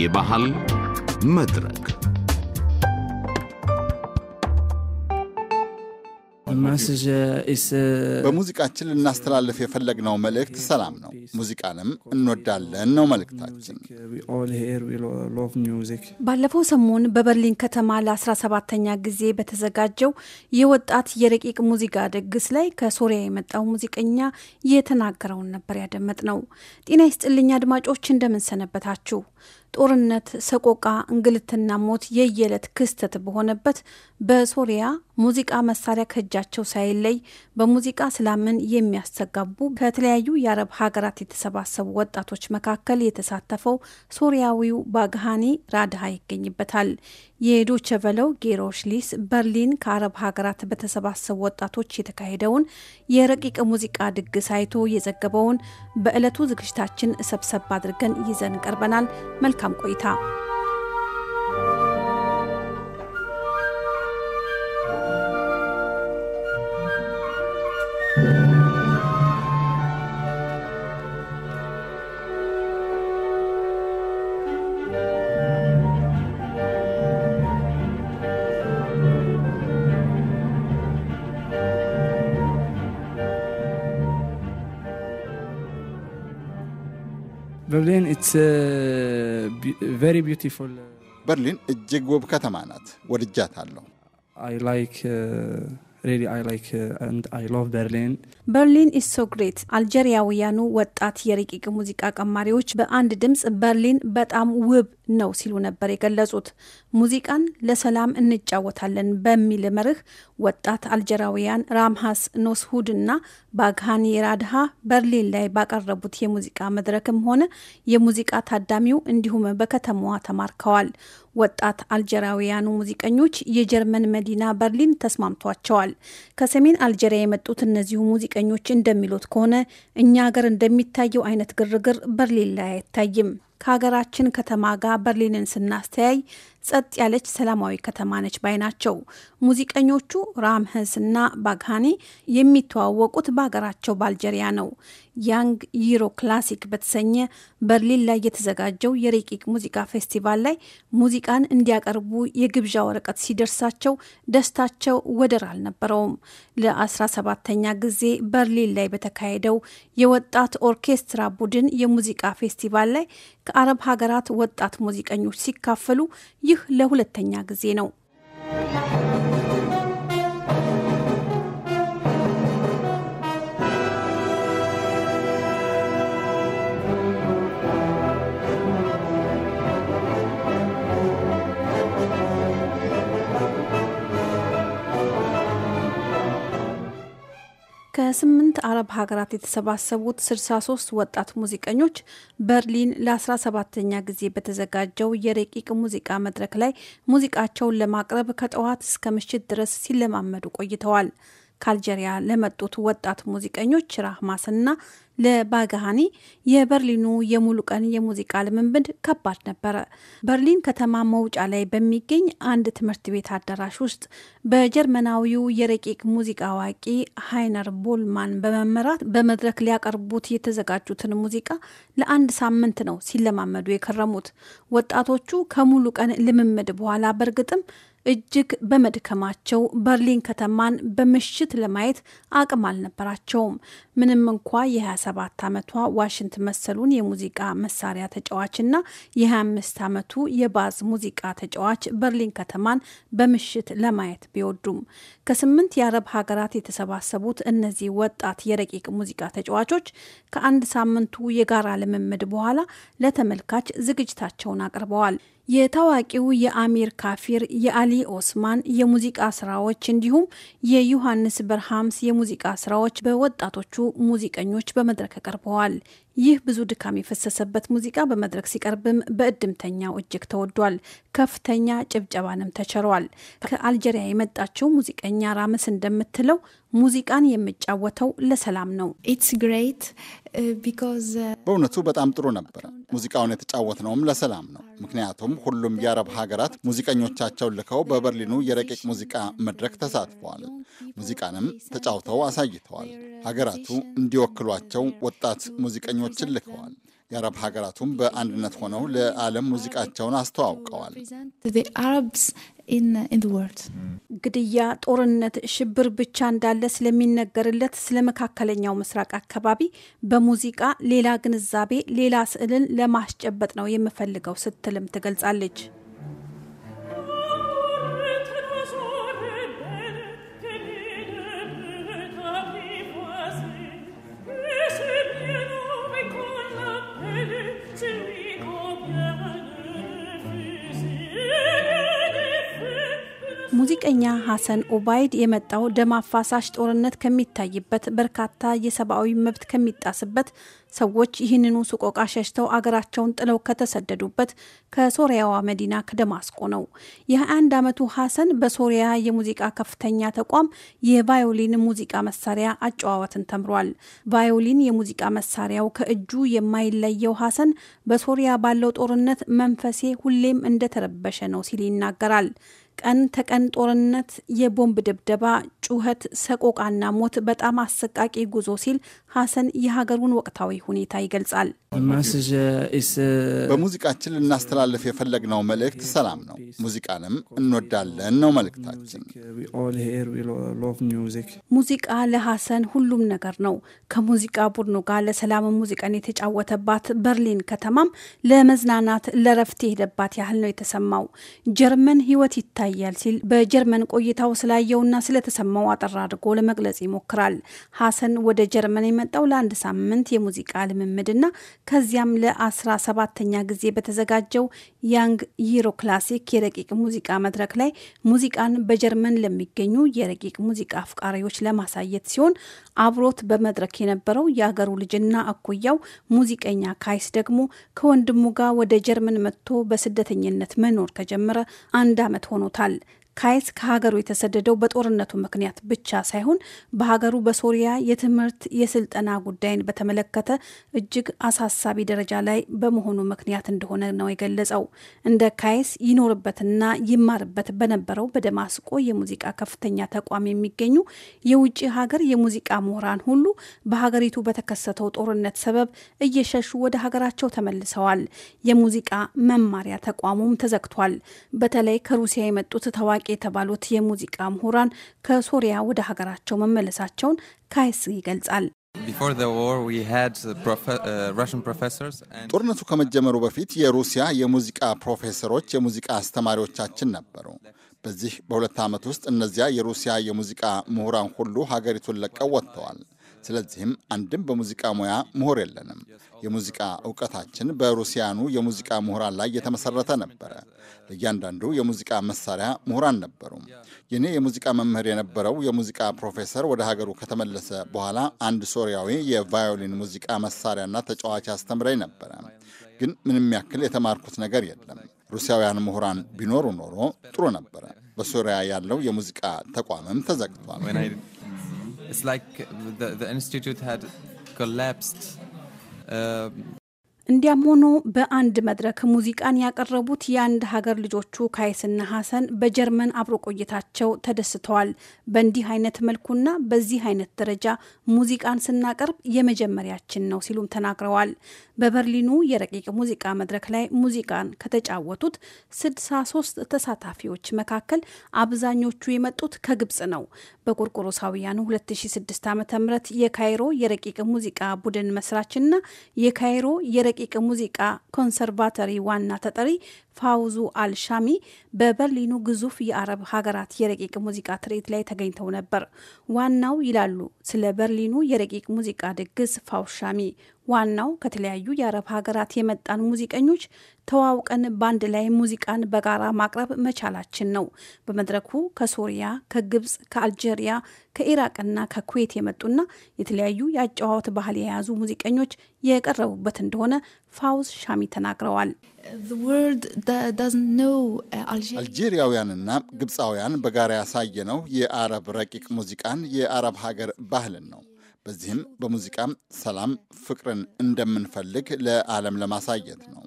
የባህል መድረክ uh, በሙዚቃችን ልናስተላልፍ የፈለግነው መልእክት ሰላም ነው። ሙዚቃንም እንወዳለን ነው መልእክታችን። uh, ባለፈው ሰሞን በበርሊን ከተማ ለ17ኛ ጊዜ በተዘጋጀው የወጣት የረቂቅ ሙዚቃ ድግስ ላይ ከሶሪያ የመጣው ሙዚቀኛ የተናገረውን ነበር ያደመጥ ነው። ጤና ይስጥልኝ አድማጮች፣ እንደምንሰነበታችሁ ጦርነት፣ ሰቆቃ፣ እንግልትና ሞት የየዕለት ክስተት በሆነበት በሶሪያ ሙዚቃ መሳሪያ ከእጃቸው ሳይለይ በሙዚቃ ሰላምን የሚያስተጋቡ ከተለያዩ የአረብ ሀገራት የተሰባሰቡ ወጣቶች መካከል የተሳተፈው ሶሪያዊው ባግሃኒ ራድሃ ይገኝበታል። የዶቸ ቨለው ጌሮሽ ሊስ በርሊን ከአረብ ሀገራት በተሰባሰቡ ወጣቶች የተካሄደውን የረቂቅ ሙዚቃ ድግስ አይቶ የዘገበውን በዕለቱ ዝግጅታችን ሰብሰብ አድርገን ይዘን ቀርበናል። መልካም ቆይታ። በርሊን ቬሪ ቢዩቲፉል በርሊን እጅግ ውብ ከተማ ናት። ወድጃታለሁ። አይ ላይክ uh, በርሊን በርሊን ሶ ግሬት። አልጀሪያውያኑ ወጣት የረቂቅ ሙዚቃ ቀማሪዎች በአንድ ድምፅ በርሊን በጣም ውብ ነው ሲሉ ነበር የገለጹት። ሙዚቃን ለሰላም እንጫወታለን በሚል መርህ ወጣት አልጀራውያን ራምሃስ ኖስሁድ እና ባግሃኒ ራድሃ በርሊን ላይ ባቀረቡት የሙዚቃ መድረክም ሆነ የሙዚቃ ታዳሚው እንዲሁም በከተማዋ ተማርከዋል። ወጣት አልጀራውያኑ ሙዚቀኞች የጀርመን መዲና በርሊን ተስማምቷቸዋል። ከሰሜን አልጀሪያ የመጡት እነዚሁ ሙዚቀኞች እንደሚሉት ከሆነ እኛ ሀገር እንደሚታየው አይነት ግርግር በርሊን ላይ አይታይም። ከሀገራችን ከተማ ጋር በርሊንን ስናስተያይ ጸጥ ያለች ሰላማዊ ከተማ ነች ባይ ናቸው። ሙዚቀኞቹ ራምህስ እና ባግሃኒ የሚተዋወቁት በሀገራቸው በአልጀሪያ ነው። ያንግ ዩሮ ክላሲክ በተሰኘ በርሊን ላይ የተዘጋጀው የረቂቅ ሙዚቃ ፌስቲቫል ላይ ሙዚቃን እንዲያቀርቡ የግብዣ ወረቀት ሲደርሳቸው ደስታቸው ወደር አልነበረውም። ለ17ተኛ ጊዜ በርሊን ላይ በተካሄደው የወጣት ኦርኬስትራ ቡድን የሙዚቃ ፌስቲቫል ላይ ከአረብ ሀገራት ወጣት ሙዚቀኞች ሲካፈሉ ይህ ለሁለተኛ ጊዜ ነው። ከስምንት አረብ ሀገራት የተሰባሰቡት 63 ወጣት ሙዚቀኞች በርሊን ለ 17 ተኛ ጊዜ በተዘጋጀው የረቂቅ ሙዚቃ መድረክ ላይ ሙዚቃቸውን ለማቅረብ ከጠዋት እስከ ምሽት ድረስ ሲለማመዱ ቆይተዋል። ከአልጀሪያ ለመጡት ወጣት ሙዚቀኞች ራህማስና ለባጋሃኒ የበርሊኑ የሙሉ ቀን የሙዚቃ ልምምድ ከባድ ነበረ። በርሊን ከተማ መውጫ ላይ በሚገኝ አንድ ትምህርት ቤት አዳራሽ ውስጥ በጀርመናዊው የረቂቅ ሙዚቃ አዋቂ ሃይነር ቦልማን በመመራት በመድረክ ሊያቀርቡት የተዘጋጁትን ሙዚቃ ለአንድ ሳምንት ነው ሲለማመዱ የከረሙት። ወጣቶቹ ከሙሉ ቀን ልምምድ በኋላ በእርግጥም እጅግ በመድከማቸው በርሊን ከተማን በምሽት ለማየት አቅም አልነበራቸውም። ምንም እንኳ የ27 ዓመቷ ዋሽንት መሰሉን የሙዚቃ መሳሪያ ተጫዋችና የ25 ዓመቱ የባዝ ሙዚቃ ተጫዋች በርሊን ከተማን በምሽት ለማየት ቢወዱም ከስምንት የአረብ ሀገራት የተሰባሰቡት እነዚህ ወጣት የረቂቅ ሙዚቃ ተጫዋቾች ከአንድ ሳምንቱ የጋራ ልምምድ በኋላ ለተመልካች ዝግጅታቸውን አቅርበዋል። የታዋቂው የአሚር ካፊር የአሊ ኦስማን የሙዚቃ ስራዎች እንዲሁም የዮሐንስ በርሃምስ የሙዚቃ ስራዎች በወጣቶቹ ሙዚቀኞች በመድረክ ቀርበዋል። ይህ ብዙ ድካም የፈሰሰበት ሙዚቃ በመድረክ ሲቀርብም በእድምተኛው እጅግ ተወዷል። ከፍተኛ ጭብጨባንም ተቸረዋል። ከአልጀሪያ የመጣችው ሙዚቀኛ ራምስ እንደምትለው ሙዚቃን የምጫወተው ለሰላም ነው። uh, uh, በእውነቱ በጣም ጥሩ ነበረ። ሙዚቃውን የተጫወትነውም ለሰላም ነው። ምክንያቱም ሁሉም የአረብ ሀገራት ሙዚቀኞቻቸውን ልከው በበርሊኑ የረቂቅ ሙዚቃ መድረክ ተሳትፈዋል። ሙዚቃንም ተጫውተው አሳይተዋል። ሀገራቱ እንዲወክሏቸው ወጣት ሙዚቀኞ ሙዚቀኞችን ልከዋል። የአረብ ሀገራቱም በአንድነት ሆነው ለዓለም ሙዚቃቸውን አስተዋውቀዋል። ግድያ፣ ጦርነት፣ ሽብር ብቻ እንዳለ ስለሚነገርለት ስለ መካከለኛው ምስራቅ አካባቢ በሙዚቃ ሌላ ግንዛቤ፣ ሌላ ስዕልን ለማስጨበጥ ነው የምፈልገው ስትልም ትገልጻለች። ሙዚቀኛ ሐሰን ኦባይድ የመጣው ደም አፋሳሽ ጦርነት ከሚታይበት በርካታ የሰብአዊ መብት ከሚጣስበት ሰዎች ይህንኑ ሱቆቃ ሸሽተው አገራቸውን ጥለው ከተሰደዱበት ከሶሪያዋ መዲና ከደማስቆ ነው። የ21 ዓመቱ ሐሰን በሶሪያ የሙዚቃ ከፍተኛ ተቋም የቫዮሊን ሙዚቃ መሳሪያ አጨዋወትን ተምሯል። ቫዮሊን የሙዚቃ መሳሪያው ከእጁ የማይለየው ሐሰን በሶሪያ ባለው ጦርነት መንፈሴ ሁሌም እንደተረበሸ ነው ሲል ይናገራል። ቀን ተቀን ጦርነት፣ የቦምብ ድብደባ፣ ጩኸት፣ ሰቆቃና ሞት በጣም አሰቃቂ ጉዞ ሲል ሀሰን የሀገሩን ወቅታዊ ሁኔታ ይገልጻል። በሙዚቃችን ልናስተላልፍ የፈለግነው መልእክት ሰላም ነው። ሙዚቃንም እንወዳለን ነው መልእክታችን። ሙዚቃ ለሐሰን ሁሉም ነገር ነው። ከሙዚቃ ቡድኑ ጋር ለሰላም ሙዚቃን የተጫወተባት በርሊን ከተማም ለመዝናናት ለረፍት የሄደባት ያህል ነው የተሰማው። ጀርመን ህይወት ይታያል ሲል በጀርመን ቆይታው ስላየውና ስለተሰማው አጠር አድርጎ ለመግለጽ ይሞክራል። ሐሰን ወደ ጀርመን የመጣው ለአንድ ሳምንት የሙዚቃ ልምምድና ከዚያም ለ 17 ጊዜ በተዘጋጀው ያንግ ዩሮ ክላሲክ የረቂቅ ሙዚቃ መድረክ ላይ ሙዚቃን በጀርመን ለሚገኙ የረቂቅ ሙዚቃ አፍቃሪዎች ለማሳየት ሲሆን አብሮት በመድረክ የነበረው የአገሩ ልጅና አኩያው ሙዚቀኛ ካይስ ደግሞ ከወንድሙ ጋር ወደ ጀርመን መጥቶ በስደተኝነት መኖር ከጀመረ አንድ ዓመት ሆኖታል። ካይስ ከሀገሩ የተሰደደው በጦርነቱ ምክንያት ብቻ ሳይሆን በሀገሩ በሶሪያ የትምህርት የስልጠና ጉዳይን በተመለከተ እጅግ አሳሳቢ ደረጃ ላይ በመሆኑ ምክንያት እንደሆነ ነው የገለጸው። እንደ ካይስ ይኖርበትና ይማርበት በነበረው በደማስቆ የሙዚቃ ከፍተኛ ተቋም የሚገኙ የውጭ ሀገር የሙዚቃ ምሁራን ሁሉ በሀገሪቱ በተከሰተው ጦርነት ሰበብ እየሸሹ ወደ ሀገራቸው ተመልሰዋል። የሙዚቃ መማሪያ ተቋሙም ተዘግቷል። በተለይ ከሩሲያ የመጡት ታዋቂ ታዋቂ የተባሉት የሙዚቃ ምሁራን ከሶሪያ ወደ ሀገራቸው መመለሳቸውን ካይስ ይገልጻል። uh, ጦርነቱ ከመጀመሩ በፊት የሩሲያ የሙዚቃ ፕሮፌሰሮች የሙዚቃ አስተማሪዎቻችን ነበሩ። በዚህ በሁለት ዓመት ውስጥ እነዚያ የሩሲያ የሙዚቃ ምሁራን ሁሉ ሀገሪቱን ለቀው ወጥተዋል። ስለዚህም አንድም በሙዚቃ ሙያ ምሁር የለንም። የሙዚቃ እውቀታችን በሩሲያኑ የሙዚቃ ምሁራን ላይ የተመሰረተ ነበረ። ለእያንዳንዱ የሙዚቃ መሳሪያ ምሁራን ነበሩም። የኔ የሙዚቃ መምህር የነበረው የሙዚቃ ፕሮፌሰር ወደ ሀገሩ ከተመለሰ በኋላ አንድ ሶሪያዊ የቫዮሊን ሙዚቃ መሳሪያና ተጫዋች አስተምረኝ ነበረ። ግን ምንም ያክል የተማርኩት ነገር የለም። ሩሲያውያን ምሁራን ቢኖሩ ኖሮ ጥሩ ነበረ። በሶሪያ ያለው የሙዚቃ ተቋምም ተዘግቷል። it's like the, the institute had collapsed. Um, እንዲያም ሆኖ በአንድ መድረክ ሙዚቃን ያቀረቡት የአንድ ሀገር ልጆቹ ካይስና ሀሰን በጀርመን አብሮ ቆይታቸው ተደስተዋል። በእንዲህ አይነት መልኩና በዚህ አይነት ደረጃ ሙዚቃን ስናቀርብ የመጀመሪያችን ነው ሲሉም ተናግረዋል። በበርሊኑ የረቂቅ ሙዚቃ መድረክ ላይ ሙዚቃን ከተጫወቱት 63 ተሳታፊዎች መካከል አብዛኞቹ የመጡት ከግብጽ ነው። በቆርቆሮሳውያኑ 2006 ዓ ም የካይሮ የረቂቅ ሙዚቃ ቡድን መስራችና የካይሮ የረቂቅ ሙዚቃ ኮንሰርቫተሪ ዋና ተጠሪ ፋውዙ አልሻሚ በበርሊኑ ግዙፍ የአረብ ሀገራት የረቂቅ ሙዚቃ ትርኢት ላይ ተገኝተው ነበር። ዋናው ይላሉ ስለ በርሊኑ የረቂቅ ሙዚቃ ድግስ ፋውሻሚ ዋናው ከተለያዩ የአረብ ሀገራት የመጣን ሙዚቀኞች ተዋውቀን በአንድ ላይ ሙዚቃን በጋራ ማቅረብ መቻላችን ነው። በመድረኩ ከሶሪያ፣ ከግብፅ፣ ከአልጄሪያ፣ ከኢራቅና ከኩዌት የመጡና የተለያዩ የአጨዋወት ባህል የያዙ ሙዚቀኞች የቀረቡበት እንደሆነ ፋውዝ ሻሚ ተናግረዋል። uh, አልጄሪያውያንና ግብፃውያን በጋራ ያሳየነው የአረብ ረቂቅ ሙዚቃን የአረብ ሀገር ባህልን ነው በዚህም በሙዚቃ ሰላም፣ ፍቅርን እንደምንፈልግ ለዓለም ለማሳየት ነው።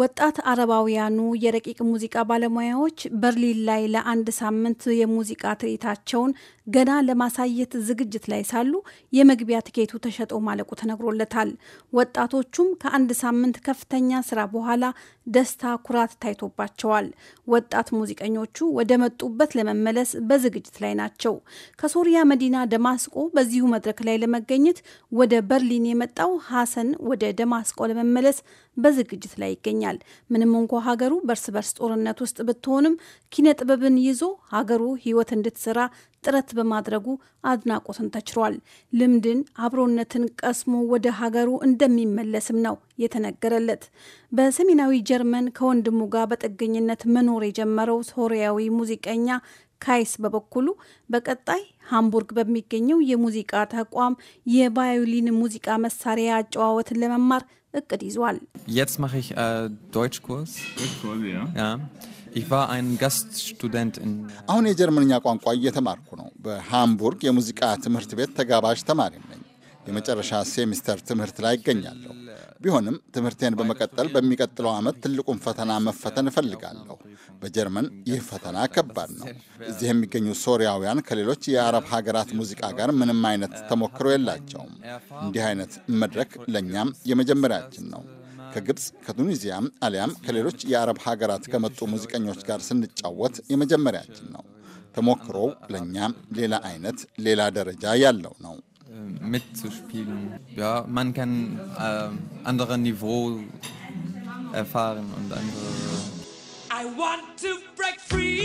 ወጣት አረባውያኑ የረቂቅ ሙዚቃ ባለሙያዎች በርሊን ላይ ለአንድ ሳምንት የሙዚቃ ትርኢታቸውን ገና ለማሳየት ዝግጅት ላይ ሳሉ የመግቢያ ትኬቱ ተሸጦ ማለቁ ተነግሮለታል። ወጣቶቹም ከአንድ ሳምንት ከፍተኛ ስራ በኋላ ደስታ፣ ኩራት ታይቶባቸዋል። ወጣት ሙዚቀኞቹ ወደ መጡበት ለመመለስ በዝግጅት ላይ ናቸው። ከሶሪያ መዲና ደማስቆ በዚሁ መድረክ ላይ ለመገኘት ወደ በርሊን የመጣው ሀሰን ወደ ደማስቆ ለመመለስ በዝግጅት ላይ ይገኛል። ምንም እንኳ ሀገሩ በእርስ በርስ ጦርነት ውስጥ ብትሆንም ኪነ ጥበብን ይዞ ሀገሩ ህይወት እንድትሰራ ጥረት በማድረጉ አድናቆትን ተችሯል። ልምድን፣ አብሮነትን ቀስሞ ወደ ሀገሩ እንደሚመለስም ነው የተነገረለት። በሰሜናዊ ጀርመን ከወንድሙ ጋር በጥገኝነት መኖር የጀመረው ሶሪያዊ ሙዚቀኛ ካይስ በበኩሉ በቀጣይ ሃምቡርግ በሚገኘው የሙዚቃ ተቋም የቫዮሊን ሙዚቃ መሳሪያ አጨዋወትን ለመማር እቅድ ይዟል። አሁን የጀርመንኛ ቋንቋ እየተማርኩ ነው። በሃምቡርግ የሙዚቃ ትምህርት ቤት ተጋባዥ ተማሪ ነኝ። የመጨረሻ ሴሚስተር ትምህርት ላይ ይገኛለሁ። ቢሆንም ትምህርቴን በመቀጠል በሚቀጥለው ዓመት ትልቁን ፈተና መፈተን እፈልጋለሁ። በጀርመን ይህ ፈተና ከባድ ነው። እዚህ የሚገኙ ሶሪያውያን ከሌሎች የአረብ ሀገራት ሙዚቃ ጋር ምንም አይነት ተሞክሮ የላቸውም። እንዲህ አይነት መድረክ ለእኛም የመጀመሪያችን ነው። ከግብፅ ከቱኒዚያ አሊያም ከሌሎች የአረብ ሀገራት ከመጡ ሙዚቀኞች ጋር ስንጫወት የመጀመሪያችን ነው። ተሞክሮው ለእኛ ሌላ አይነት ሌላ ደረጃ ያለው ነው። I want to break free.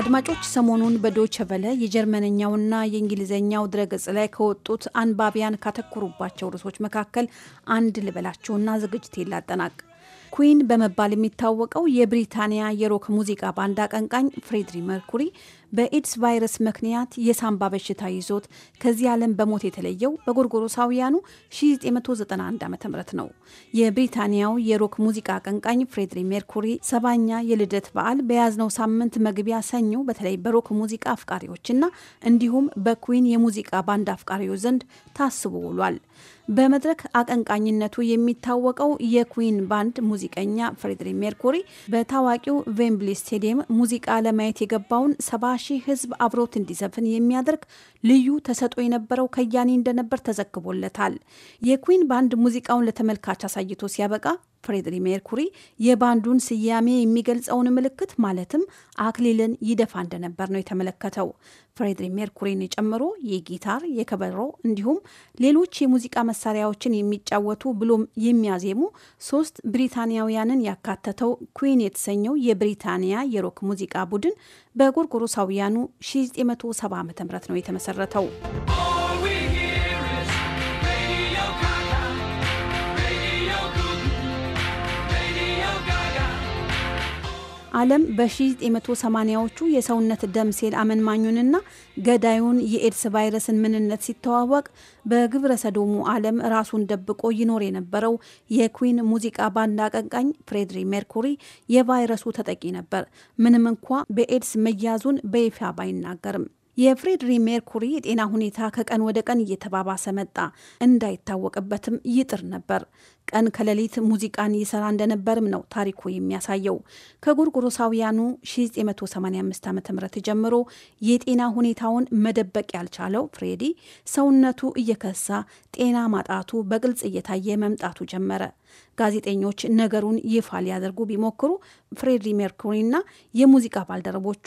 አድማጮች ሰሞኑን በዶቸቨለ የጀርመንኛውና የእንግሊዝኛው ድረገጽ ላይ ከወጡት አንባቢያን ካተኮሩባቸው ርዕሶች መካከል አንድ ልበላችሁና ዝግጅቴን ላጠናቅ። ኩዊን በመባል የሚታወቀው የብሪታንያ የሮክ ሙዚቃ ባንድ አቀንቃኝ ፍሬድሪ መርኩሪ በኤድስ ቫይረስ ምክንያት የሳምባ በሽታ ይዞት ከዚህ ዓለም በሞት የተለየው በጎርጎሮሳውያኑ 1991 ዓ ም ነው። የብሪታንያው የሮክ ሙዚቃ አቀንቃኝ ፍሬድሪ ሜርኩሪ ሰባኛ የልደት በዓል በያዝነው ሳምንት መግቢያ ሰኞ በተለይ በሮክ ሙዚቃ አፍቃሪዎችና እንዲሁም በኩዊን የሙዚቃ ባንድ አፍቃሪዎች ዘንድ ታስቦ ውሏል። በመድረክ አቀንቃኝነቱ የሚታወቀው የኩዊን ባንድ ሙዚቀኛ ፍሬድሪ ሜርኩሪ በታዋቂው ቬምብሊ ስቴዲየም ሙዚቃ ለማየት የገባውን ሰባ ሺህ ህዝብ አብሮት እንዲዘፍን የሚያደርግ ልዩ ተሰጥኦ የነበረው ከያኔ እንደነበር ተዘግቦለታል። የኩዊን ባንድ ሙዚቃውን ለተመልካች አሳይቶ ሲያበቃ ፍሬድሪ ሜርኩሪ የባንዱን ስያሜ የሚገልጸውን ምልክት ማለትም አክሊልን ይደፋ እንደነበር ነው የተመለከተው። ፍሬድሪ ሜርኩሪን ጨምሮ የጊታር የከበሮ እንዲሁም ሌሎች የሙዚቃ መሳሪያዎችን የሚጫወቱ ብሎም የሚያዜሙ ሶስት ብሪታንያውያንን ያካተተው ኩዊን የተሰኘው የብሪታንያ የሮክ ሙዚቃ ቡድን በጎርጎሮሳውያኑ 1970 ዓ ም ነው የተመሰረተው። ዓለም በ1980ዎቹ የሰውነት ደም ሴል አመንማኙንና ገዳዩን የኤድስ ቫይረስን ምንነት ሲተዋወቅ በግብረ ሰዶሙ ዓለም ራሱን ደብቆ ይኖር የነበረው የኩዊን ሙዚቃ ባንድ አቀንቃኝ ፍሬድሪ ሜርኩሪ የቫይረሱ ተጠቂ ነበር፣ ምንም እንኳ በኤድስ መያዙን በይፋ ባይናገርም። የፍሬድሪ ሜርኩሪ የጤና ሁኔታ ከቀን ወደ ቀን እየተባባሰ መጣ። እንዳይታወቅበትም ይጥር ነበር። ቀን ከሌሊት ሙዚቃን ይሰራ እንደነበርም ነው ታሪኩ የሚያሳየው። ከጎርጎሮሳውያኑ 1985 ዓ ም ጀምሮ የጤና ሁኔታውን መደበቅ ያልቻለው ፍሬዲ ሰውነቱ እየከሳ ጤና ማጣቱ በግልጽ እየታየ መምጣቱ ጀመረ። ጋዜጠኞች ነገሩን ይፋ ሊያደርጉ ቢሞክሩ ፍሬድሪ ሜርኩሪና የሙዚቃ ባልደረቦቹ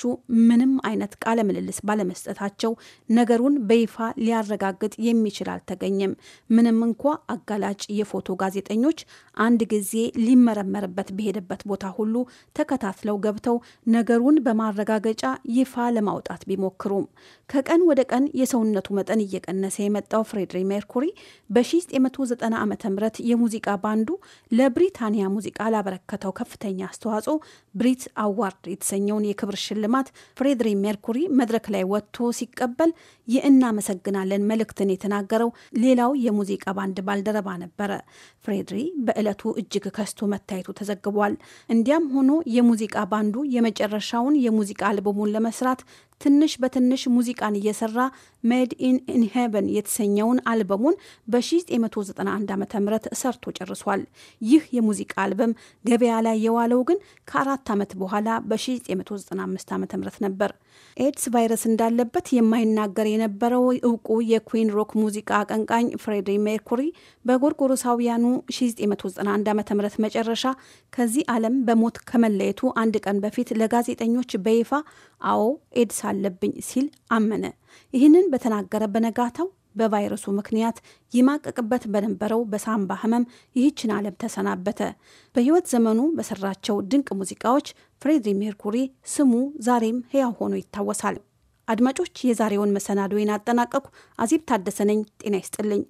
ምንም አይነት ቃለ ምልልስ ባለመስጠታቸው ነገሩን በይፋ ሊያረጋግጥ የሚችል አልተገኘም። ምንም እንኳ አጋላጭ የፎቶ ጋዜጠኞች አንድ ጊዜ ሊመረመርበት በሄደበት ቦታ ሁሉ ተከታትለው ገብተው ነገሩን በማረጋገጫ ይፋ ለማውጣት ቢሞክሩም ከቀን ወደ ቀን የሰውነቱ መጠን እየቀነሰ የመጣው ፍሬድሪ ሜርኩሪ በ1990 ዓ ም የሙዚቃ ባንዱ ለብሪታንያ ሙዚቃ ላበረከተው ከፍተኛ አስተዋጽኦ ብሪት አዋርድ የተሰኘውን የክብር ሽልማት ፍሬድሪ ሜርኩሪ መድረክ ላይ ወጥቶ ሲቀበል የእናመሰግናለን መልእክትን የተናገረው ሌላው የሙዚቃ ባንድ ባልደረባ ነበረ። ፍሬድሪ በዕለቱ እጅግ ከስቶ መታየቱ ተዘግቧል። እንዲያም ሆኖ የሙዚቃ ባንዱ የመጨረሻውን የሙዚቃ አልበሙን ለመስራት ትንሽ በትንሽ ሙዚቃን እየሰራ ሜድ ኢን ኢንሄቨን የተሰኘውን አልበሙን በ1991 ዓ ም ሰርቶ ጨርሷል። ይህ የሙዚቃ አልበም ገበያ ላይ የዋለው ግን ከአራት ከአራት ዓመት በኋላ በ1995 ዓ ም ነበር ኤድስ ቫይረስ እንዳለበት የማይናገር የነበረው እውቁ የኩዊን ሮክ ሙዚቃ አቀንቃኝ ፍሬዲ ሜርኩሪ በጎርጎሮሳውያኑ 1991 ዓ ም መጨረሻ ከዚህ ዓለም በሞት ከመለየቱ አንድ ቀን በፊት ለጋዜጠኞች በይፋ አዎ ኤድስ አለብኝ ሲል አመነ። ይህንን በተናገረ በነጋታው በቫይረሱ ምክንያት ይማቀቅበት በነበረው በሳምባ ህመም ይህችን ዓለም ተሰናበተ። በህይወት ዘመኑ በሰራቸው ድንቅ ሙዚቃዎች ፍሬድሪ ሜርኩሪ ስሙ ዛሬም ህያ ሆኖ ይታወሳል። አድማጮች፣ የዛሬውን መሰናዶዬን አጠናቀቅኩ። አዜብ ታደሰነኝ ጤና ይስጥልኝ።